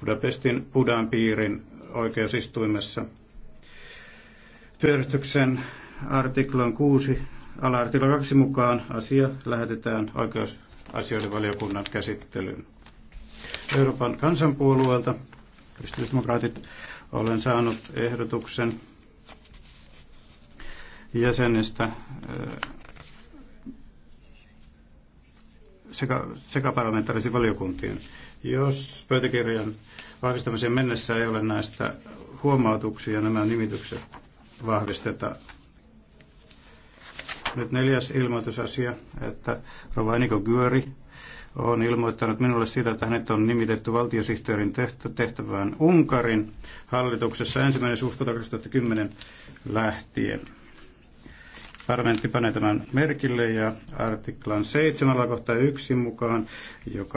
Budapestin Budan piirin oikeusistuimessa. Työjärjestyksen artiklon 6 ala-artikla 2 mukaan asia lähetetään oikeusasioiden valiokunnan käsittelyyn. Euroopan kansanpuolueelta kristillisdemokraatit olen saanut ehdotuksen jäsenestä sekä, sekä parlamentaarisiin valiokuntiin. Jos pöytäkirjan vahvistamisen mennessä ei ole näistä huomautuksia, nämä nimitykset vahvistetaan. Nyt neljäs ilmoitusasia, että Rova Eniko Györi on ilmoittanut minulle siitä, että hänet on nimitetty valtiosihteerin tehtävään Unkarin hallituksessa ensimmäinen syyskuuta 2010 lähtien. Parlamentti panee tämän merkille ja artiklan 7 kohta 1 mukaan, joka